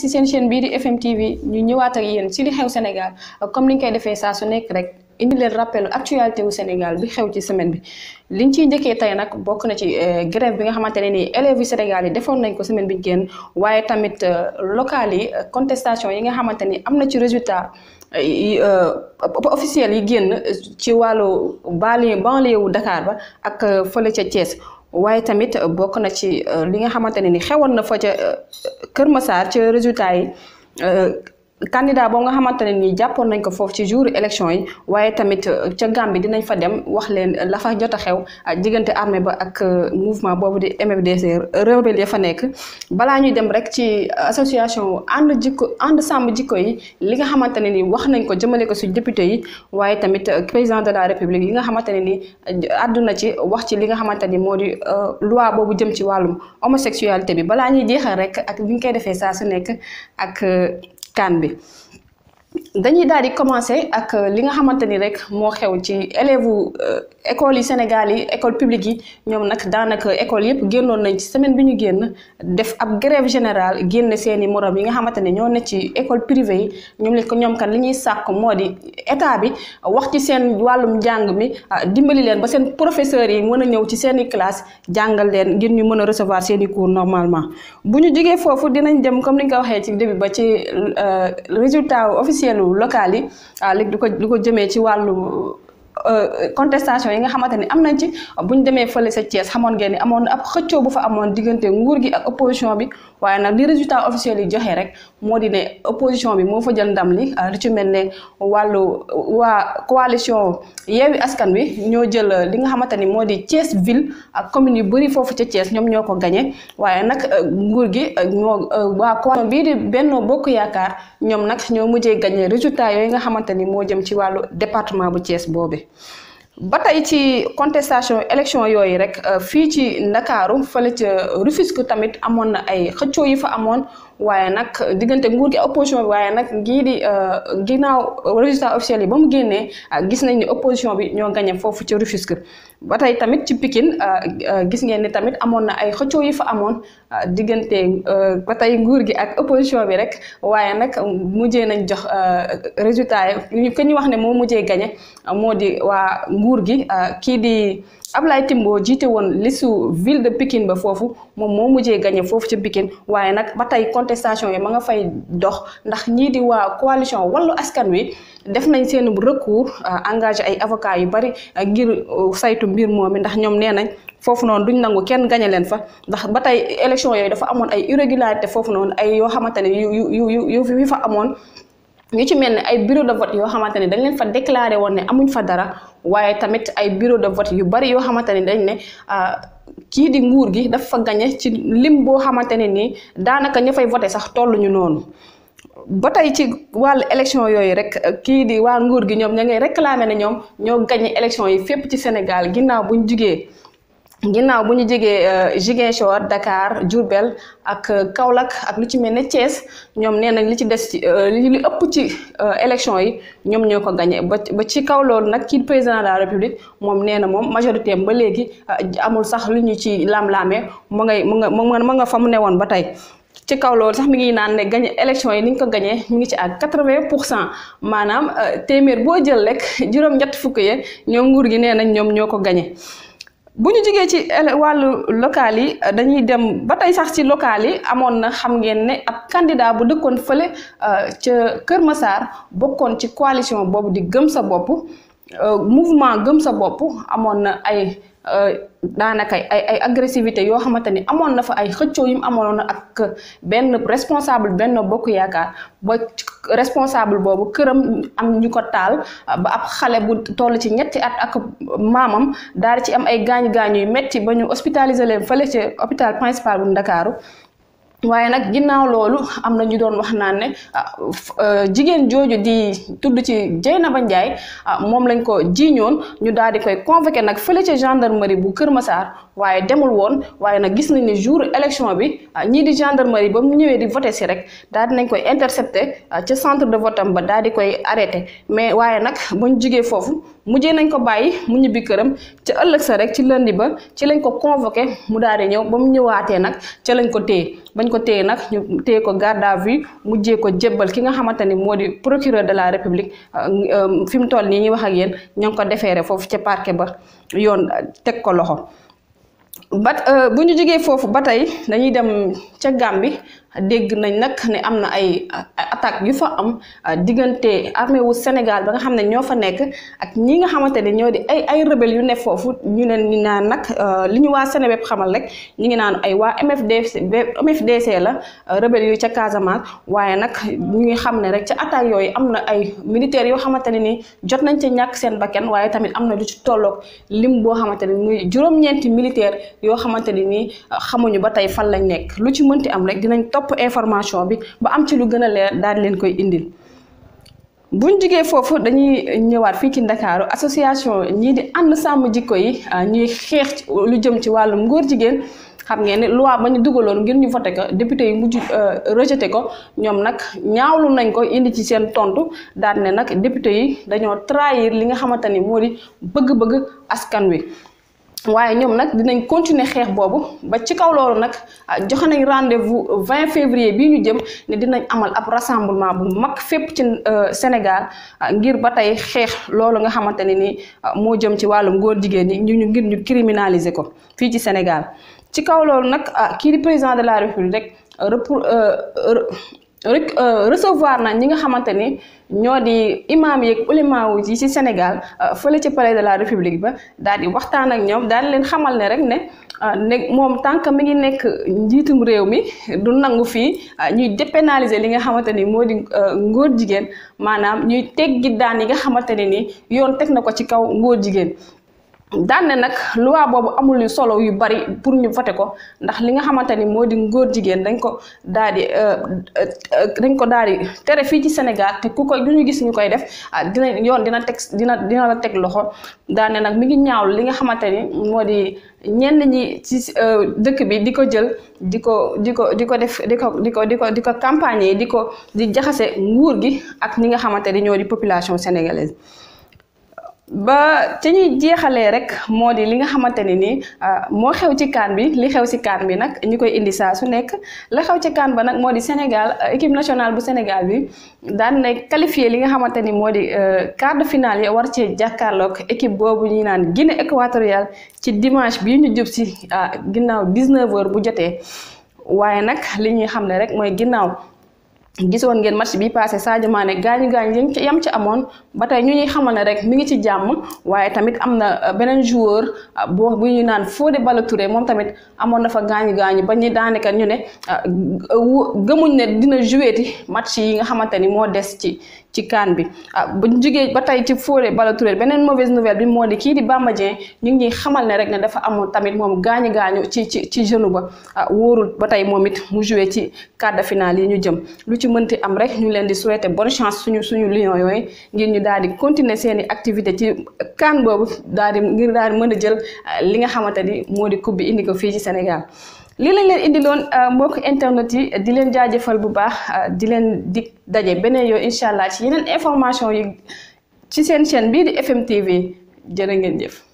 ci seen chaîne bii di FM ñu ñëwaat ak yéen si li xew Sénégal comme ni ñu koy defee saa su nekk rek indi leen rappel actualité wu Sénégal bi xew ci semaine bi. liñ ciy njëkkee tey nag bokk na ci euh, grève bi nga xamante ne nii élèves yu Sénégal yi defoon nañ ko semaine bi génn waaye tamit euh, locales yi euh, contestation yi nga xamante ni am na ci résultat. officiel yi génn ci wàllu banlieue banlieue wu Dakar ba ak fële ca Thiès waaye tamit euh, bokk na ci euh, li nga xamante ne ni xewoon na fa ca euh, Kër Massar ca résultat yi candidat boo nga xamante ne nii jàppoon nañ ko foofu ci jour élection yi waaye tamit euh, ca Gambie dinañ fa dem wax leen lafa jot a xew a ah, diggante armée ba ak euh, mouvement boobu di MFDC rebelle ya fa nekk balaa ñuy dem rek ci euh, association ànd jikko ànd sàmm jikko yi li nga xamante ne nii wax nañ ko jëmale ko su député yi waaye tamit président de la république yi xamante ne nii àdduna ci wax ci li nga xamante ni moo di loi boobu jëm ci wàllum homosexualité bi balaa ñuy jeexal rek ak bi ñu koy defee saa su nekk ak be. dañuy daal di commencer ak euh, li nga xamante ni rek moo xew ci élèves euh, école yi Sénégal yi école publique yi ñoom nag daanaka école yëpp génnoon nañ ci semaine bi ñu génn def ab grève générale génne seeni morom yi nga xamante ne ñoo ne ci école privée yi ñoom li ñoom kan li ñuy sàkk moo di état bi wax ci seen wàllum njàng mi ah, dimbali leen ba seen professeurs yi mën a ñëw ci seeni classe jàngal leen ngir ñu mën a recevoir seeni cours normalement bu ñu jógee foofu dinañ dem comme ni nga ko waxee ci début ba ci euh, résultat électorale locale yi ah, léegi du ko du ko jëmee ci wàllu euh, contestation yi nga xamante ni am nañ ci bu ñu demee fële sa Thiès xamoon ngeen ni amoon ab xëccoo bu fa amoon diggante nguur gi ak opposition bi waaye nag li résultat officiel yi joxee rek moo di ne opposition bi moo fa jël ndam li ah, lu ci mel ne wàllu waa coalition Yewwi Askan Wi ñoo jël ah, li nga xamante ni moo di cees ville ak commune yu bëri foofu ca Thiès ñoom ñoo ko gañe waaye nag ah, nguur gi ñoo waa coalition bii di Benno Bokk Yaakaar ñoom nag ñoo mujjee gañe résultat yooyu nga xamante ni moo jëm ci wàllu département bu Thiès boobu. ba tey ci contestation élection yooyu rek fii ci Ndakaaru fa fële ca Rufisque tamit amoon na ay xëccoo yi fa amoon waaye nag diggante nguur gi opposition bi waaye nag gii di euh, ginnaaw résultat officiel yi ba mu génnee ah, gis nañ ni opposition bi ñoo gañe foofu ci Rufisque ba tey tamit ci pikin ah, ah, gis ngeen ni tamit amoon na ay xëccoo yi fa amoon diggante euh, ba tey nguur gi ak opposition bi rek waaye nag mujjee nañ jox euh, résultat yi ku ñu wax ne moo mujjee gañe moo di waa nguur gi kii di Ablaye Timbo jiite woon listu ville de pikin ba foofu moom moo mujjee gagné foofu ci Pikine waaye nag ba tey contestation yi ma nga fay dox ndax ñii di waa coalition Wallu Askan Wi def nañ seenu recours euh, engager ay avocats yu bari euh, ngir euh, saytu mbir moomi ndax ñoom nee nañ foofu noonu duñ nangu kenn gañe leen fa ndax ba tey élection yooyu dafa amoon ay irrégularité foofu noonu ay yoo xamante ne yu yu yu yu fi fa amoon ñu ci mel ni ay bureau de vote yoo xamante ne dañ leen fa déclaré woon ne amuñ fa dara waaye tamit ay bureau de vote yu bari yoo xamante ne dañ ne ah, kii di nguur gi dafa fa gañe ci lim boo xamante ne nii daanaka ña fay voté sax tolluñu noonu ba tey ci wàllu élection yooyu rek kii di waa nguur gi ñoom ña ngay réclamer ne ñoom ñoo gañe élection yi fépp ci Sénégal ginnaaw buñ jugee ginnaaw bu ñu jegee jógee euh, Ziguinchor Dakar Diourbel ak euh, Kaolack ak lu ci mel ne cees ñoom nee nañ li ci des ci euh, li ëpp ci élection yi ñoom ñoo ko gagné ba ba ci kaw nag kii président de moom nee na moom majorité am ba léegi amul sax mi ñu ci lam mu ngay mu nga mu nga fa mu newoon ba tey. ci kaw sax mi ngi naan ne gagné élection yi ni ñu ko gañee mi ngi ci ak quatre-vingt pour cent maanaam téeméer boo jël rek juróom-ñett fukk ya ñoom nguur gi nee nañ ñoom ñoo ko gagné. bu ñu jógee ci wàllu local yi euh, dañuy dem ba tey sax ci local yi amoon na xam ngeen ne ab candidat bu dëkkoon fële euh, ca Kër Massar bokkoon ci coalition boobu di gëm sa bopp Euh, mouvement gëm sa bopp amoon na ay euh, daanaka ay ay agressivité yoo xamante ni amoon na fa ay xëccoo yim amoon na ak benn responsable benn bokk yaakaar ba responsable boobu këram am ñu ko taal euh, ba ab xale bu toll ci ñetti at ak maamam daal ci am ay gaañ-gaañu yu metti ba ñu hospitaliser leen fële ci hôpital principal bu Ndakaaru waaye nag ginnaaw loolu am na ñu doon wax naan ne ah, euh, jigéen jooju di tudd ci na Dieynaba Ndiaye ah, moom lañ ko jiiñoon ñu daal di koy convoqué nag fële ca gendarmerie bu Kër Massar waaye demul woon waaye nag gis nañ ne jour élection bi ah, ñii di gendarmerie ba mu ñëwee di voté si rek daal di nañ koy intercepté ca centre de vote ba daal di koy arrêté mais waaye nag buñ jigee foofu. mujjee nañ ko bàyyi mu ñibbi këram ca ëllëg sa rek ci lundi ba ci lañ ko convoqué mu daal di ñëw ba mu ñëwaatee nag ca lañ ko téye bañ ko téye nag ñu téye ko garde à vue mujjee ko jébbal ki nga xamante ni moo di procureur de la république euh, euh, fi mu toll nii ñuy wax ak yéen ñoo ngi ko defeere foofu ca parquet ba yoon teg ko loxo. ba euh, bu ñu jógee foofu ba tey dañuy dem ca Gàmbi dégg nañ nag ne am na ay attaque yu fa am ah, diggante armée wu Sénégal ba nga xam ne ñoo fa nekk ak ñi nga xamante ne ñoo di ay ay rebelle yu ne foofu ñu ne ni naan nag ah, li ñu waa Seneweb xamal rek ñu ngi naan ay waa MFDC MFDC la ah, rebelle yu ca Casamance waaye nag ñu ngi xam ne rek ca attaque yooyu am na ay militaires yoo xamante ne ni jot nañ ca ñàkk seen bakken waaye tamit am na lu ci tolloog lim boo xamante ne muy juróom-ñeenti militaire yoo xamante ne ni xamuñu ba tey fan lañ nekk lu ci mënti am rek topp information bi ba am ci lu gën a leer daal leen koy indil buñ jugee foofu dañuy ñëwaat fii ci ndakaaru association ñii di ànd sàmm jikko yi ah, ñuy xeex lu jëm ci wàllum ngóor jigéen xam ngeen ne loi ba ñu dugaloon ngir ñu voté ko député yi mujj euh, rejeté ko ñoom nag ñaawlu nañ ko indi ci seen tontu daal ne nag député yi dañoo trahir li nga xamante ni moo di bëgg-bëgg askan wi waaye ñoom nag dinañ continuer xeex boobu ba ci kaw loolu nag ah, joxe nañ rendez-vous 20 février bii ñu jëm ne dinañ amal ab rassemblement bu mag fépp ci euh, Sénégal ah, ngir ba tey xeex loolu nga xamante ne ni ah, moo jëm ci wàllum góor jigéen ñi ñu ngir ñu criminaliser ko fii ci Sénégal ci kaw loolu nag a kii di président de la République rek euh, euh, rek euh, recevoir na ñi nga xamante ni ñoo di imaam yeeg ulema yi ci Sénégal euh, fële ci palais de la République ba daal di waxtaan ak ñoom daal di leen xamal ne rek ne euh, ne moom tant que mi ngi nekk njiitum réew mi du nangu fii ñuy dépénaliser li nga xamante ni moo di ngóor jigéen maanaam ñuy teggi daan yi nga xamante ne ni yoon teg na ko ci kaw ngóor jigéen dane nag loi boobu amul solo yu bari pour ñu voter ko ndax li nga xamante ni moo di ngóor jigéen dañ ko daal euh, euh, euh dañ ko daadi téré tere fii ci Sénégal te ku koy du ñu gis ñu koy def ah, dina yoon dina teg dina dina la teg loxo daanne nag mi ngi ñaaw li nga xamante ni moo di ñenn ñi ci euh, dëkk bi di ko jël di ko di ko di ko def di ko di ko di ko di ko campagne yi di ko di jaxase nguur gi ak ñi nga xamante ni ñoo di population sénégalaise ba ci ñuy jeexalee rek moo di li nga xamante ne ni ah, moo xew ci kaan bi li xew ci kaan bi nag ñu koy indi saa su nekk la xew ci kaan ba nag moo di Sénégal ah, équipe nationale bu Sénégal bi daan na qualifié li nga xamante ni moo di ah, quart de war ci jàkkaarloog équipe boobu ñuy naan Guinée équatoriale ci dimanche bii ñu jub si ginnaaw 19h bu jotee waaye nag li ñuy xam ne rek mooy ginnaaw. gisoon ngeen match bi passé Sadio Mané gaañu gaañu yam ci amoon ba tey ñu ñuy xamal ne rek mi ngi ci jàmm waaye tamit am na uh, beneen joueur uh, boo bu ñu naan Fodé ballo ture moom tamit amoon na fa gaañu gaañu ba ñu daanaka ñu ne uh, gëmuñ ne dina joueeti match yi nga xamante ni moo des ci ci kaan bi ah buñ jógee ba tey ci Fodé Ballo-Touré beneen mauvaise nouvelle bi moo di kii di Bamba ñu ngi ñuy xamal rek ne dafa amul tamit moom gaañu gaañu ci ci ci genou ba ah wóorul ba tey moom it mu joué ci quart de ñu jëm lu ci mënti am rek ñu leen di souhaiter bonne chance suñu suñu lion yooyu ngir ñu daal di continuer seeni activité ci kaan boobu daal di ngir daal di mën a jël ah, li nga xamante ni moo di coupe bi indi ko fii ci Sénégal lii lañ leen indiloon euh, mbokk internet yi di leen jaajëfal bu baax euh, di leen di daje beneen yoon incha allah ci yeneen information yi ci seen chaîne bii di FM TV ngeen jëf.